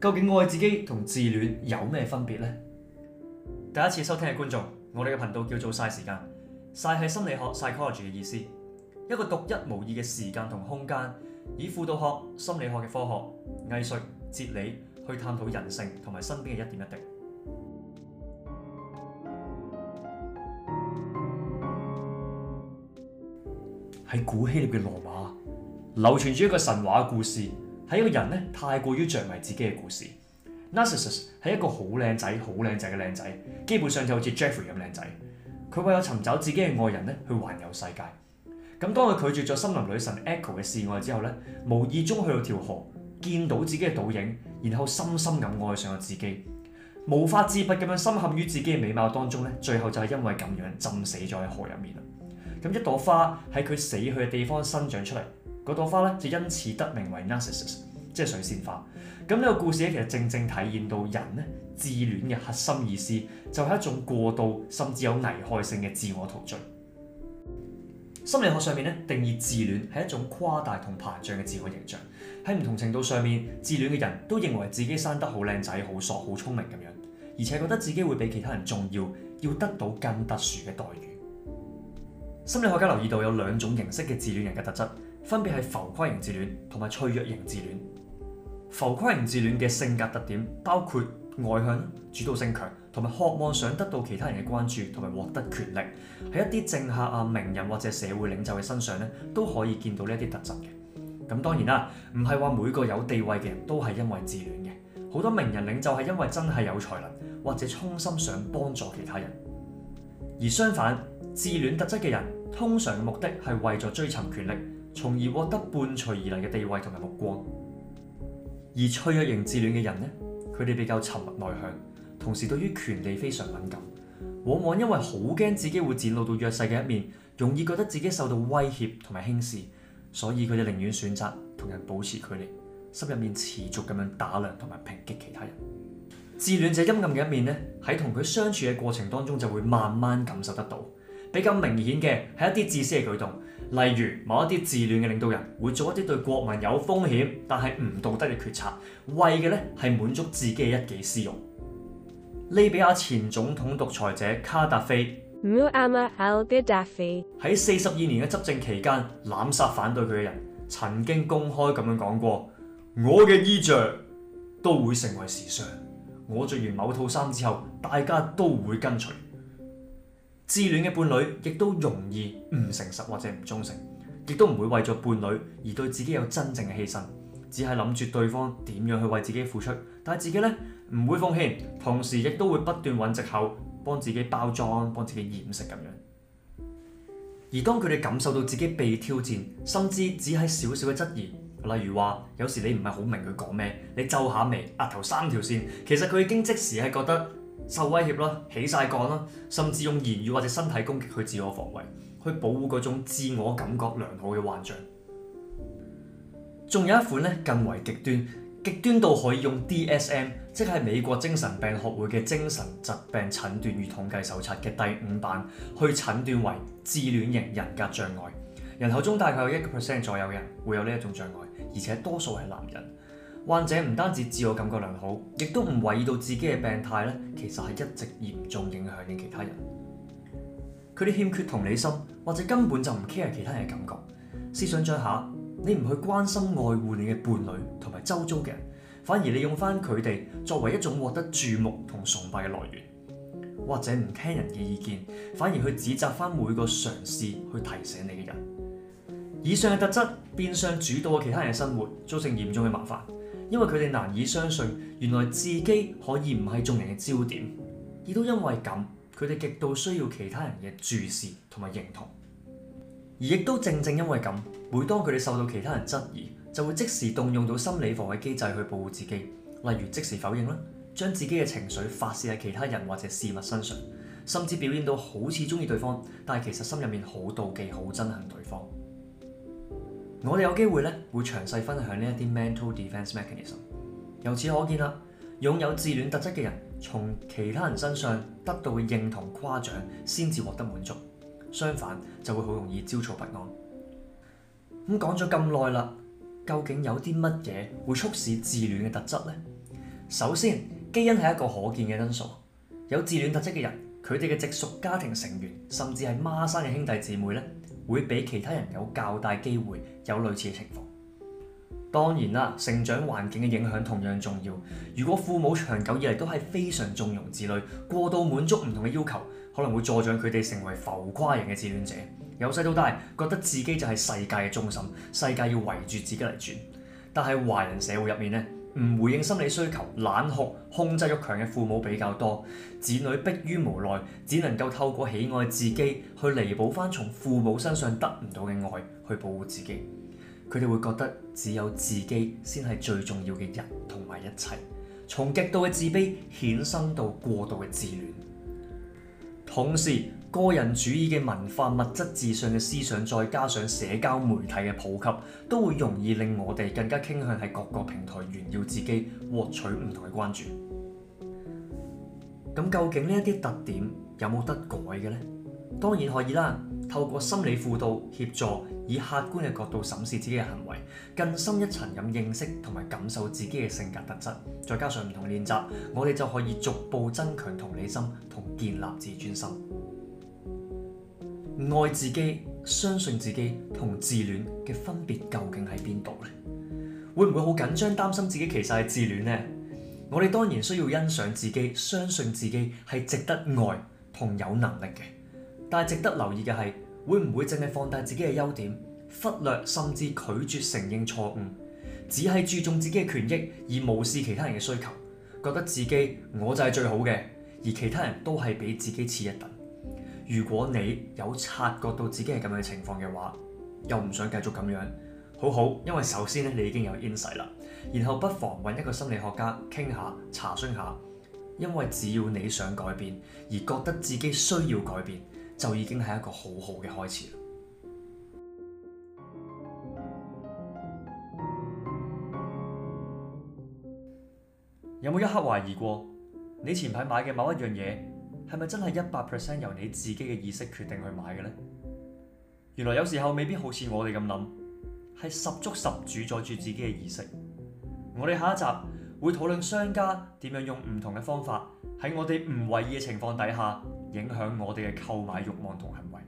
究竟愛自己同自戀有咩分別呢？第一次收聽嘅觀眾，我哋嘅頻道叫做 PSY 時間，PSY 係心理學 psychology 嘅意思。一個獨一無二嘅時間同空間，以輔導學、心理學嘅科學、藝術、哲理去探討人性同埋身邊嘅一點一滴。喺古希臘嘅羅馬，流傳住一個神話故事。喺一個人咧太過於著迷自己嘅故事，Narcissus 係一個好靚仔、好靚仔嘅靚仔，基本上就好似 Jeffrey 咁靚仔。佢為咗尋找自己嘅愛人咧，去環遊世界。咁當佢拒絕咗森林女神 Echo 嘅示愛之後咧，無意中去到條河，見到自己嘅倒影，然後深深咁愛上咗自己，無法自拔咁樣深陷於自己嘅美貌當中咧，最後就係因為咁樣浸死咗喺河入面啦。咁一朵花喺佢死去嘅地方生長出嚟。嗰朵花咧就因此得名為 narcissus，即係水仙花。咁呢個故事咧其實正正體現到人呢，自戀嘅核心意思，就係、是、一種過度甚至有危害性嘅自我陶醉。心理學上面咧定義自戀係一種誇大同膨脹嘅自我形象。喺唔同程度上面，自戀嘅人都認為自己生得好靚仔、好傻、好聰明咁樣，而且覺得自己會比其他人重要，要得到更特殊嘅待遇。心理學家留意到有兩種形式嘅自戀人嘅特質，分別係浮誇型自戀同埋脆弱型自戀。浮誇型自戀嘅性格特點包括外向、主導性強，同埋渴望想得到其他人嘅關注同埋獲得權力。喺一啲政客啊、名人或者社會領袖嘅身上咧，都可以見到呢一啲特質嘅。咁當然啦，唔係話每個有地位嘅人都係因為自戀嘅，好多名人領袖係因為真係有才能或者衷心想幫助其他人。而相反，自戀特質嘅人通常嘅目的係為咗追尋權力，從而獲得伴隨而嚟嘅地位同埋目光。而脆弱型自戀嘅人呢？佢哋比較沉默內向，同時對於權力非常敏感，往往因為好驚自己會展露到弱勢嘅一面，容易覺得自己受到威脅同埋輕視，所以佢哋寧願選擇同人保持距離，心入面持續咁樣打量同埋抨擊其他人。自戀者陰暗嘅一面呢，喺同佢相處嘅過程當中就會慢慢感受得到。比較明顯嘅係一啲自私嘅舉動，例如某一啲自戀嘅領導人會做一啲對國民有風險但係唔道德嘅決策，為嘅呢係滿足自己嘅一己私欲。利比亞前總統獨裁者卡達菲喺四十二年嘅執政期間濫殺反對佢嘅人，曾經公開咁樣講過：「我嘅衣着都會成為時尚。」我着完某套衫之後，大家都會跟隨；自戀嘅伴侶亦都容易唔誠實或者唔忠誠，亦都唔會為咗伴侶而對自己有真正嘅犧牲，只係諗住對方點樣去為自己付出，但係自己呢唔會奉獻，同時亦都會不斷揾藉口幫自己包裝，幫自己掩飾咁樣。而當佢哋感受到自己被挑戰，甚至只係少少嘅質疑。例如話，有時你唔係好明佢講咩，你皺下眉，眉，額頭三條線，其實佢已經即時係覺得受威脅啦，起晒槓啦，甚至用言語或者身體攻擊去自我防衛，去保護嗰種自我感覺良好嘅幻象。仲有一款咧，更為極端，極端到可以用 DSM，即係美國精神病學會嘅精神疾病診斷與統計手冊嘅第五版去診斷為自戀型人格障礙。人口中大概有一個 percent 左右嘅人會有呢一種障礙，而且多數係男人。患者唔單止自我感覺良好，亦都唔意識到自己嘅病態咧。其實係一直嚴重影響緊其他人。佢哋欠缺同理心，或者根本就唔 care 其他人嘅感覺。試想像下，你唔去關心愛護你嘅伴侶同埋周遭嘅人，反而利用翻佢哋作為一種獲得注目同崇拜嘅來源，或者唔聽人嘅意見，反而去指責翻每個嘗試去提醒你嘅人。以上嘅特質變相主導其他人嘅生活，造成嚴重嘅麻煩，因為佢哋難以相信原來自己可以唔係眾人嘅焦點。亦都因為咁，佢哋極度需要其他人嘅注視同埋認同。而亦都正正因為咁，每當佢哋受到其他人質疑，就會即時動用到心理防衞機制去保護自己，例如即時否認啦，將自己嘅情緒發泄喺其他人或者事物身上，甚至表現到好似中意對方，但係其實心入面好妒忌、好憎恨對方。我哋有機會咧，會詳細分享呢一啲 mental defense mechanism。由此可見啦，擁有自戀特質嘅人，從其他人身上得到嘅認同、誇獎，先至獲得滿足。相反，就會好容易焦躁不安。咁講咗咁耐啦，究竟有啲乜嘢會促使自戀嘅特質呢？首先，基因係一個可見嘅因素。有自戀特質嘅人，佢哋嘅直屬家庭成員，甚至係孖生嘅兄弟姊妹呢。會比其他人有較大機會有類似嘅情況。當然啦，成長環境嘅影響同樣重要。如果父母長久以嚟都係非常縱容子女，過度滿足唔同嘅要求，可能會助長佢哋成為浮誇型嘅自戀者。由細到大，覺得自己就係世界嘅中心，世界要圍住自己嚟轉。但係華人社會入面呢。唔回應心理需求、冷酷、控制欲強嘅父母比較多，子女迫於無奈，只能夠透過喜愛自己去彌補翻從父母身上得唔到嘅愛，去保護自己。佢哋會覺得只有自己先係最重要嘅人同埋一切，從極度嘅自卑衍生到過度嘅自戀，同時，個人主義嘅文化、物質至上嘅思想，再加上社交媒體嘅普及，都會容易令我哋更加傾向喺各個平台炫耀自己，獲取唔同嘅關注。咁究竟呢一啲特點有冇得改嘅呢？當然可以啦。透過心理輔導協助，以客觀嘅角度審視自己嘅行為，更深一層咁認識同埋感受自己嘅性格特質，再加上唔同練習，我哋就可以逐步增強同理心同建立自尊心。愛自己、相信自己同自戀嘅分別究竟喺邊度呢？會唔會好緊張、擔心自己其實係自戀呢？我哋當然需要欣賞自己、相信自己係值得愛同有能力嘅，但係值得留意嘅係會唔會淨係放大自己嘅優點，忽略甚至拒絕承認錯誤，只係注重自己嘅權益而無視其他人嘅需求，覺得自己我就係最好嘅，而其他人都係比自己次一等。如果你有察覺到自己係咁樣嘅情況嘅話，又唔想繼續咁樣，好好，因為首先咧你已經有 insight 啦，然後不妨揾一個心理學家傾下、查詢下，因為只要你想改變而覺得自己需要改變，就已經係一個好好嘅開始。 有冇一刻懷疑過你前排買嘅某一樣嘢？係咪真係一百 percent 由你自己嘅意識決定去買嘅咧？原來有時候未必好似我哋咁諗，係十足十主宰住自己嘅意識。我哋下一集會討論商家點樣用唔同嘅方法喺我哋唔為意嘅情況底下影響我哋嘅購買慾望同行為。